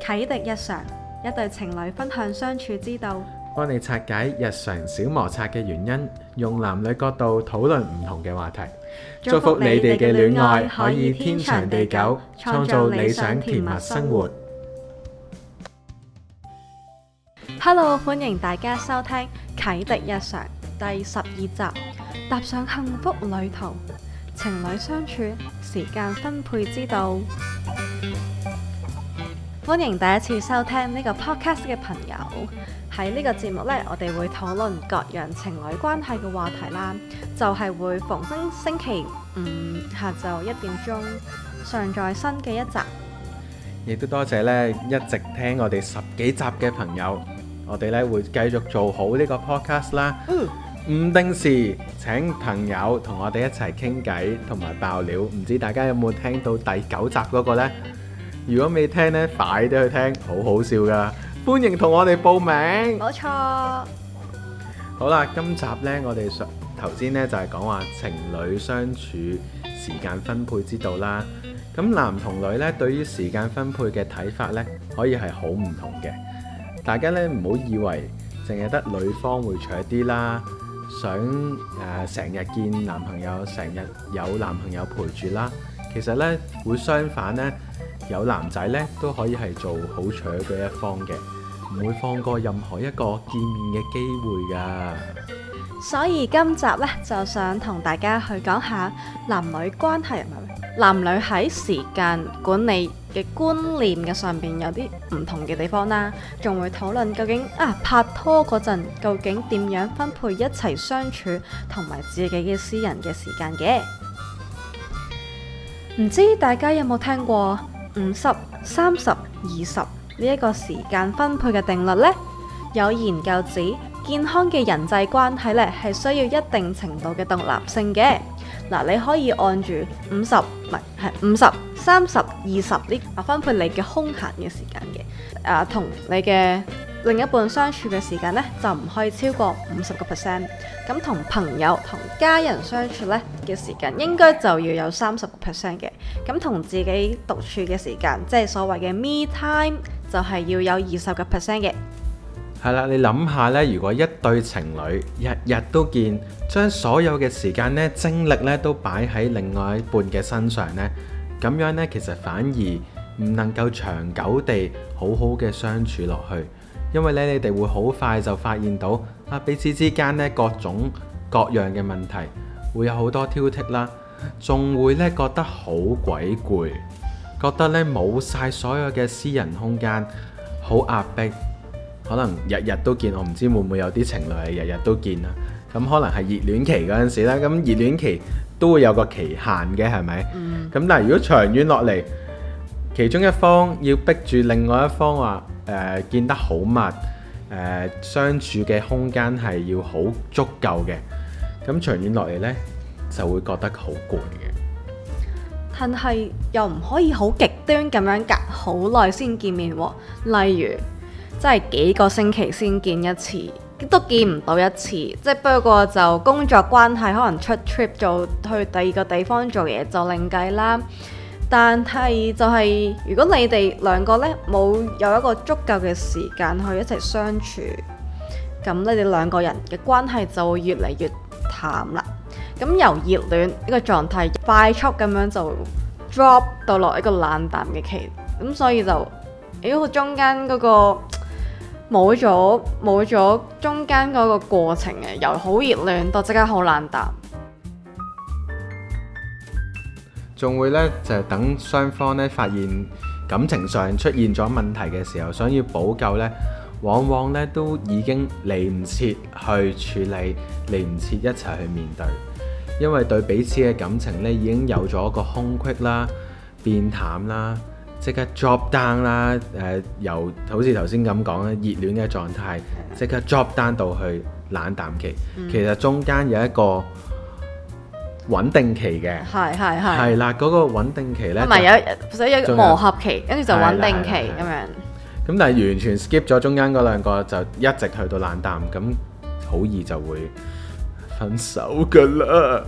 啟迪日常，一對情侶分享相處之道，幫你拆解日常小摩擦嘅原因，用男女角度討論唔同嘅話題，祝福你哋嘅戀愛可以天長地久，創造理想甜蜜生活。Hello，歡迎大家收聽《啟迪日常》第十二集，踏上幸福旅途，情侶相處，時間分配之道。歡迎第一次收聽呢個 podcast 嘅朋友，喺呢個節目呢，我哋會討論各樣情侶關係嘅話題啦，就係會逢星星期五下晝一點鐘上載新嘅一集。亦都多謝呢一直聽我哋十幾集嘅朋友，我哋呢會繼續做好呢個 podcast 啦。嗯。唔定時請朋友同我哋一齊傾偈同埋爆料，唔知大家有冇聽到第九集嗰個呢？如果未聽呢，快啲去聽，好好笑㗎。歡迎同我哋報名，冇錯。好啦，今集呢，我哋上頭先呢就係講話情侶相處時間分配之道啦。咁男同女呢，對於時間分配嘅睇法呢，可以係好唔同嘅。大家呢，唔好以為淨係得女方會搶啲啦，想誒成日見男朋友，成日有男朋友陪住啦。其實呢，會相反呢。有男仔呢都可以係做好彩嗰一方嘅，唔會放過任何一個見面嘅機會噶。所以今集呢就想同大家去講下男女關係啊，男女喺時間管理嘅觀念嘅上邊有啲唔同嘅地方啦，仲會討論究竟啊拍拖嗰陣究竟點樣分配一齊相處同埋自己嘅私人嘅時間嘅。唔知大家有冇聽過？五十、三十、二十呢一個時間分配嘅定律呢，有研究指健康嘅人際關係呢係需要一定程度嘅獨立性嘅。嗱，你可以按住五十，唔係係五十、三十、二十呢啊分配你嘅空閒嘅時間嘅，啊同你嘅。另一半相處嘅時間呢，就唔可以超過五十個 percent。咁同朋友、同家人相處呢嘅時間，應該就要有三十個 percent 嘅。咁同自己獨處嘅時間，即係所謂嘅 me time，就係要有二十個 percent 嘅。係啦，你諗下呢，如果一對情侶日日都見，將所有嘅時間呢、精力呢都擺喺另外一半嘅身上呢，咁樣呢，其實反而唔能夠長久地好好嘅相處落去。因為咧，你哋會好快就發現到啊，彼此之間咧各種各樣嘅問題，會有好多挑剔啦，仲會咧覺得好鬼攰，覺得咧冇晒所有嘅私人空間，好壓迫，可能日日都見，我唔知會唔會有啲情侶日日都見啊，咁可能係熱戀期嗰陣時啦，咁熱戀期都會有個期限嘅，係咪？咁、嗯、但係，如果長遠落嚟，其中一方要逼住另外一方話。誒、呃、見得好密、呃，相處嘅空間係要好足夠嘅，咁長遠落嚟呢，就會覺得好攰嘅。但係又唔可以好極端咁樣隔好耐先見面喎，例如真係幾個星期先見一次，都見唔到一次，即係不過就工作關係，可能出 trip 做去第二個地方做嘢就另計啦。但係就係、是、如果你哋兩個呢冇有一個足夠嘅時間去一齊相處，咁你哋兩個人嘅關係就會越嚟越淡啦。咁由熱戀呢個狀態快速咁樣就 drop 到落一個冷淡嘅期，咁所以就咦佢、哎、中間嗰、嗰個冇咗冇咗中間嗰個過程嘅，由好熱戀到即刻好冷淡。仲會咧，就係等雙方咧發現感情上出現咗問題嘅時候，想要補救咧，往往咧都已經嚟唔切去處理，嚟唔切一齊去面對，因為對彼此嘅感情咧已經有咗個空隙啦、變淡啦，即刻 drop down 啦，誒、呃，由好似頭先咁講咧熱戀嘅狀態，即刻 drop down 到去冷淡期，嗯、其實中間有一個。穩定期嘅，係係係，係啦，嗰個穩定期咧，唔係有所以有磨合期，跟住就穩定期咁樣。咁但係完全 skip 咗中間嗰兩個，就一直去到冷淡，咁好易就會分手噶啦。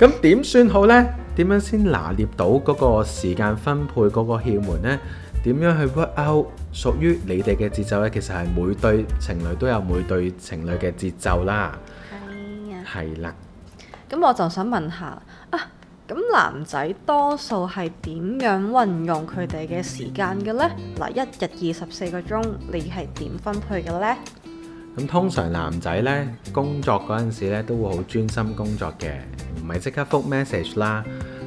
咁點算好咧？點樣先拿捏到嗰個時間分配嗰個竅門咧？點樣去 work out 屬於你哋嘅節奏咧？其實係每對情侶都有每對情侶嘅節奏啦。係啊，係啦。咁我就想問下啊，咁男仔多數係點樣運用佢哋嘅時間嘅呢？嗱，一日二十四個鐘，你係點分配嘅呢？咁通常男仔呢，工作嗰陣時呢都會好專心工作嘅，唔係即刻覆 message 啦。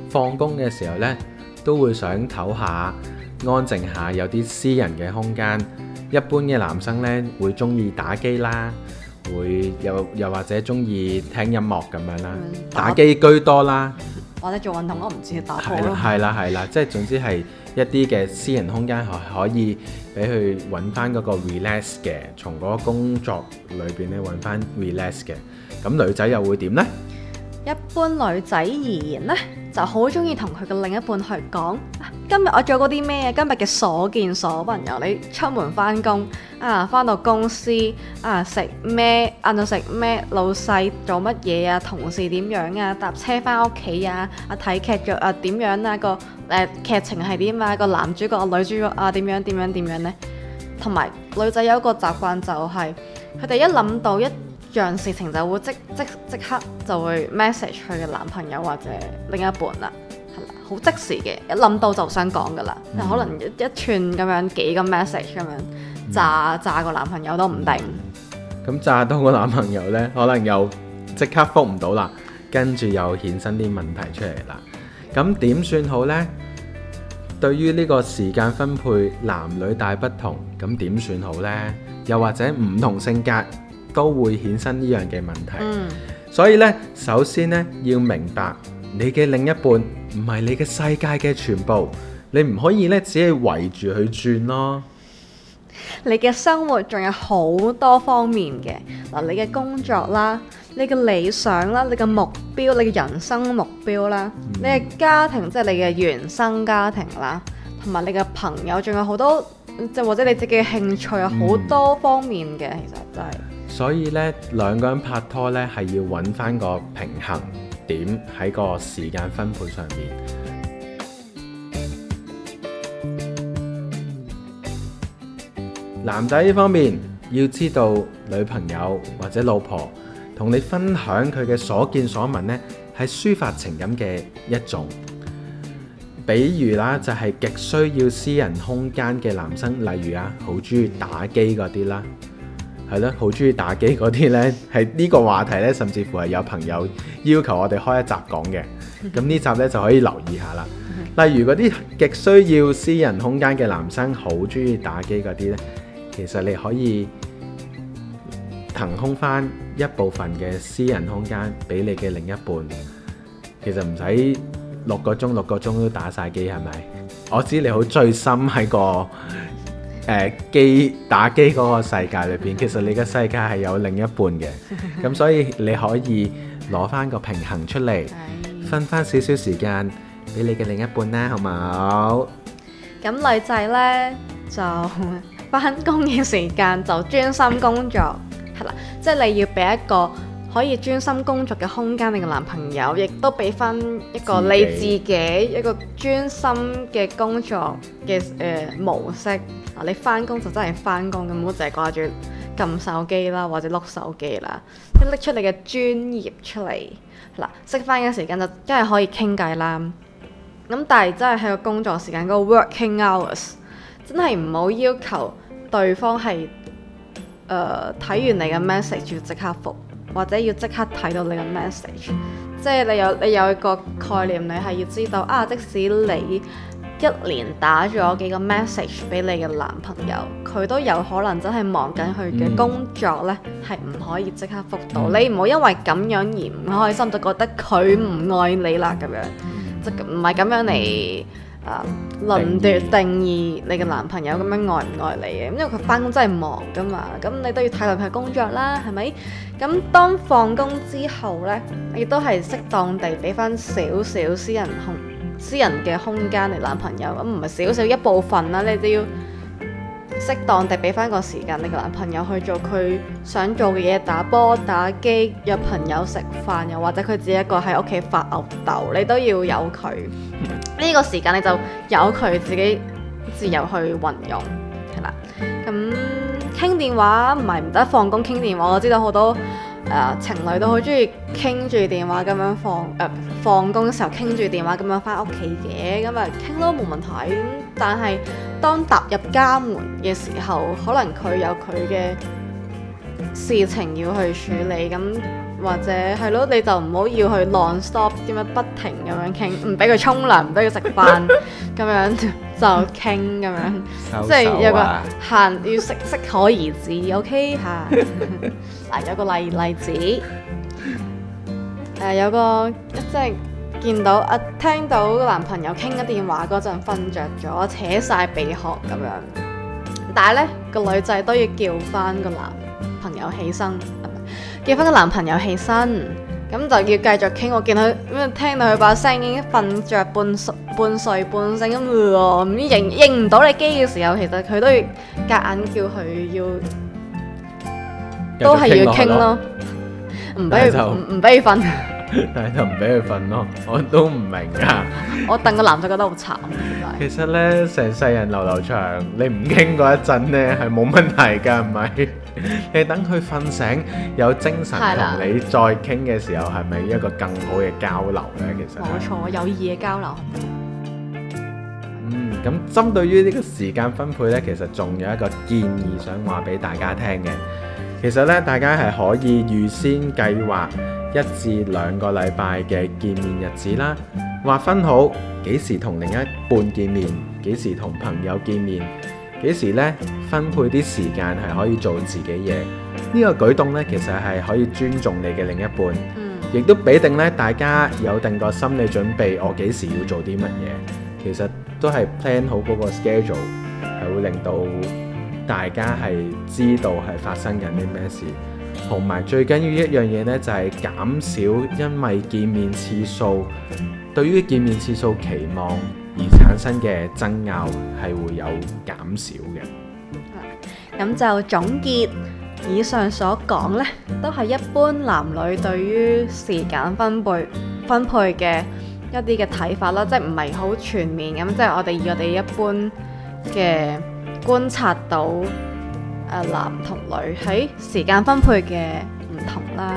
放工嘅時候呢，都會想唞下，安靜下，有啲私人嘅空間。一般嘅男生呢，會中意打機啦。會又又或者中意聽音樂咁樣啦，打機居多啦，或者做運動都唔知打波啦。係啦係啦，即係總之係一啲嘅私人空間，可可以俾佢搵翻嗰個 relax 嘅，從嗰個工作裏邊咧搵翻 relax 嘅。咁女仔又會點咧？一般女仔而言咧？就好中意同佢嘅另一半去講，啊、今日我做嗰啲咩？今日嘅所見所聞由你出門翻工啊，翻到公司啊，食咩晏晝，食咩？老細做乜嘢啊？同事點樣啊？搭車翻屋企啊？啊，睇劇嘅啊點樣啊？個誒、呃、劇情係點啊？個男主角女主角啊點樣、點樣、點樣呢？同埋女仔有一個習慣就係、是，佢哋一諗到一。樣事情就會即即即刻就會 message 佢嘅男朋友或者另一半啦，係啦，好即時嘅，一諗到就想講噶㗎啦，嗯、可能一,一串咁樣幾個 message 咁樣炸、嗯、炸個男朋友都唔定。咁、嗯嗯、炸到個男朋友呢，可能又即刻覆唔到啦，跟住又衍生啲問題出嚟啦。咁點算好呢？對於呢個時間分配男女大不同，咁點算好呢？又或者唔同性格？都會衍生呢樣嘅問題，嗯、所以咧，首先咧要明白你嘅另一半唔係你嘅世界嘅全部，你唔可以咧只係圍住佢轉咯。你嘅生活仲有好多方面嘅嗱，你嘅工作啦，你嘅理想啦，你嘅目標，你嘅人生目標啦，嗯、你嘅家庭，即係你嘅原生家庭啦，同埋你嘅朋友，仲有好多，就或者你自己嘅興趣，好多方面嘅，嗯、其實真係。所以咧，兩個人拍拖咧，係要揾翻個平衡點喺個時間分配上面。 男仔呢方面要知道，女朋友或者老婆同你分享佢嘅所見所聞呢，係抒發情感嘅一種。比如啦，就係極需要私人空間嘅男生，例如啊，好鍾意打機嗰啲啦。係囉，好鍾意打機嗰啲呢，係呢個話題呢，甚至乎係有朋友要求我哋開一集講嘅。咁呢集呢，就可以留意下啦。例如嗰啲極需要私人空間嘅男生，好鍾意打機嗰啲呢，其實你可以騰空返一部分嘅私人空間俾你嘅另一半。其實唔使六個鐘六個鐘都打晒機係咪？我知你好醉心喺個。誒、呃、機打機嗰個世界裏邊，其實你嘅世界係有另一半嘅，咁 所以你可以攞翻個平衡出嚟，的分翻少少時間俾你嘅另一半啦，好冇？咁女仔呢，就翻工嘅時間就專心工作，係 啦，即係你要俾一個可以專心工作嘅空間，你嘅 男朋友亦都俾翻一個你自己一個專心嘅工作嘅誒、呃、模式。你翻工就真係翻工，咁唔好淨係掛住撳手機啦，或者碌手機啦，咁拎出你嘅專業出嚟。嗱、嗯，食飯嘅時間就真係可以傾偈啦。咁但係真係喺個工作時間嗰、嗰個 working hours，真係唔好要求對方係誒睇完你嘅 message 要即刻覆，或者要即刻睇到你嘅 message。即係你有你有一個概念，你係要知道啊，即使你。一連打咗幾個 message 俾你嘅男朋友，佢都有可能真係忙緊佢嘅工作呢，係唔、嗯、可以即刻覆到。嗯、你唔好因為咁樣而唔開心，就覺得佢唔愛你啦咁樣，嗯、即唔係咁樣嚟、嗯、啊輪奪定義你嘅男朋友咁樣愛唔愛你嘅。因為佢翻工真係忙噶嘛，咁你都要睇落佢工作啦，係咪？咁當放工之後呢，亦都係適當地俾翻少少私人空私人嘅空間，你男朋友咁唔係少少一部分啦，你就要適當地俾翻個時間你個男朋友去做佢想做嘅嘢，打波、打機、約朋友食飯，又或者佢自己一個喺屋企發吽豆，你都要有佢呢、這個時間，你就有佢自己自由去運用，係啦。咁傾電話唔係唔得，放工傾電話，我知道好多。呃、情侶都好鍾意傾住電話，咁樣放誒，放工嘅時候傾住電話，咁樣返屋企嘅，咁啊傾咯，冇問題，但係當踏入家門嘅時候，可能佢有佢嘅事情要去處理咁。或者係咯，你就唔好要去 non-stop 點樣不停咁樣傾，唔俾佢沖涼，唔俾佢食飯，咁樣就傾咁樣，樣啊、即係有個限，要適適可而止，OK 嚇。嗱、 啊，有個例例子，誒、啊、有個即係見到啊，聽到男朋友傾緊電話嗰陣瞓着咗，扯晒鼻鼾咁樣，但係咧個女仔都要叫翻個男朋友起身。結婚嘅男朋友起身，咁就要繼續傾。我見佢咩聽到佢把聲已經瞓着，半睡半睡半醒咁，唔知認認唔到你機嘅時候，其實佢都要夾硬叫佢要，都係要傾咯。唔俾佢唔唔俾佢瞓，但係就唔俾佢瞓咯。我都唔明噶！我戥個男仔覺得好慘。其實咧，成世人流流長，你唔傾嗰一陣咧，係冇問題噶，係咪？ 你等佢瞓醒有精神同你再傾嘅時候，係咪的一個更好嘅交流呢？其實冇錯，有意義嘅交流。咁針、嗯、對於呢個時間分配呢，其實仲有一個建議想話俾大家聽嘅。其實呢，大家係可以預先計劃一至兩個禮拜嘅見面日子啦，劃分好幾時同另一半見面，幾時同朋友見面。幾時呢分配啲時間係可以做自己嘢？呢、這個舉動呢，其實係可以尊重你嘅另一半，亦、嗯、都俾定呢大家有定個心理準備。我幾時要做啲乜嘢？其實都係 plan 好嗰個 schedule，係會令到大家係知道係發生緊啲咩事。同埋最緊要一樣嘢呢，就係、是、減少因為見面次數，對於見面次數期望。而產生嘅爭拗係會有減少嘅。咁、嗯、就總結以上所講呢都係一般男女對於時間分配分配嘅一啲嘅睇法啦，即係唔係好全面咁。即係我哋以我哋一般嘅觀察到，誒男同女喺時間分配嘅唔同啦。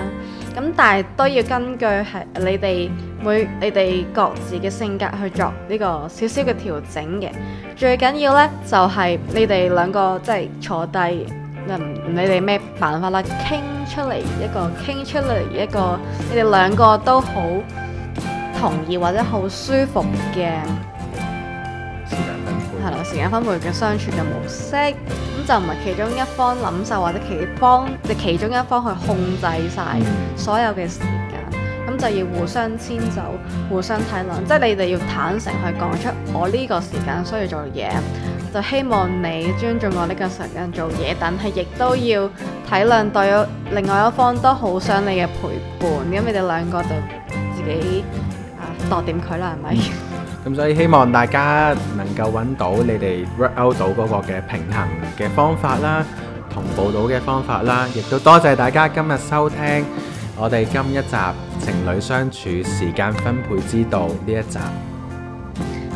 咁但係都要根據係你哋每你哋各自嘅性格去做呢個少少嘅調整嘅。最緊要呢，就係你哋兩個即係坐低，你哋咩辦法啦，傾出嚟一個，傾出嚟一個，你哋兩個都好同意或者好舒服嘅。係啦，時間分配嘅相處嘅模式，咁就唔係其中一方諗晒，或者其方嘅、即、其中一方去控制晒所有嘅時間，咁就要互相遷就，互相體諒，即係你哋要坦誠去講出我呢個時間需要做嘢，就希望你尊重我呢個時間做嘢，但係亦都要體諒對另外一方都好想你嘅陪伴，咁你哋兩個就自己誒、啊、度點佢啦，係咪？咁所以希望大家能夠揾到你哋 work out 到嗰個嘅平衡嘅方法啦，同步到嘅方法啦，亦都多謝大家今日收聽我哋今一集情侶相處時間分配之道呢一集。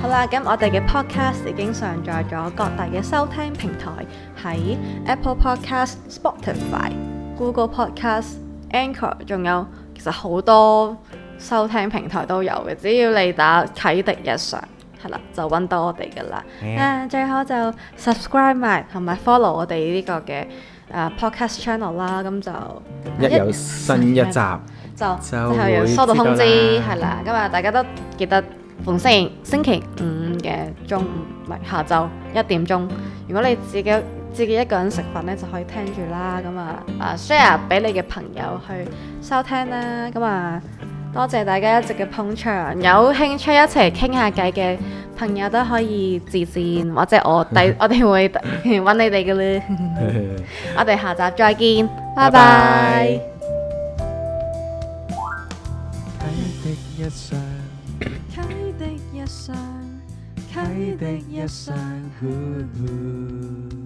好啦，咁我哋嘅 podcast 已經上載咗各大嘅收聽平台，喺 Apple Podcast、Spotify、Google Podcast、Anchor，仲有其實好多。收聽平台都有嘅，只要你打啟廸日常係啦，就揾到我哋噶啦。最好就 subscribe 埋同埋 follow 我哋呢、呢個嘅、啊、podcast channel 啦、啊。咁就一有新一集、啊、就就會後收到通知係啦。咁、嗯、啊，大家都記得逢星期星期五嘅中午唔係下晝一點鐘。如果你自己自己一個人食飯呢，就可以聽住啦。咁啊，誒、啊啊、share 俾你嘅朋友去收聽啦。咁啊～啊啊多謝大家一直嘅捧場，有興趣一齊傾下偈嘅朋友都可以自薦，或者我第 我哋會揾你哋嘅嘞。 我哋下集再見，bye bye 拜拜。